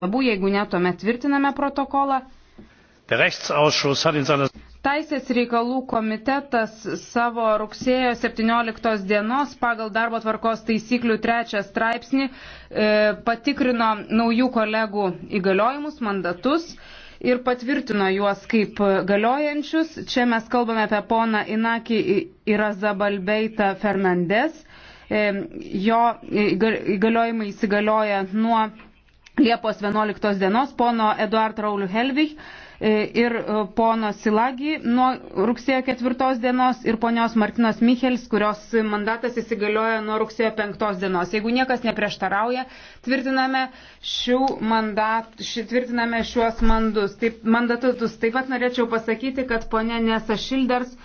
pastabų, jeigu netuomet tvirtiname protokolą. Taisės reikalų komitetas savo rugsėjo 17 dienos pagal darbo tvarkos taisyklių trečią straipsnį e, patikrino naujų kolegų įgaliojimus, mandatus ir patvirtino juos kaip galiojančius. Čia mes kalbame apie poną Inakį Irazabalbeitą Fernandes. E, jo įgaliojimai įsigalioja nuo Liepos 11 dienos pono Eduard Raulių Helvig e, ir e, pono Silagi nuo rugsėjo 4 dienos ir ponios Martinos Michels, kurios mandatas įsigalioja nuo rugsėjo 5 dienos. Jeigu niekas neprieštarauja, tvirtiname, šių mandat, ši, tvirtiname šiuos mandus. Taip, mandatus. Taip pat norėčiau pasakyti, kad ponė Nesa Šilders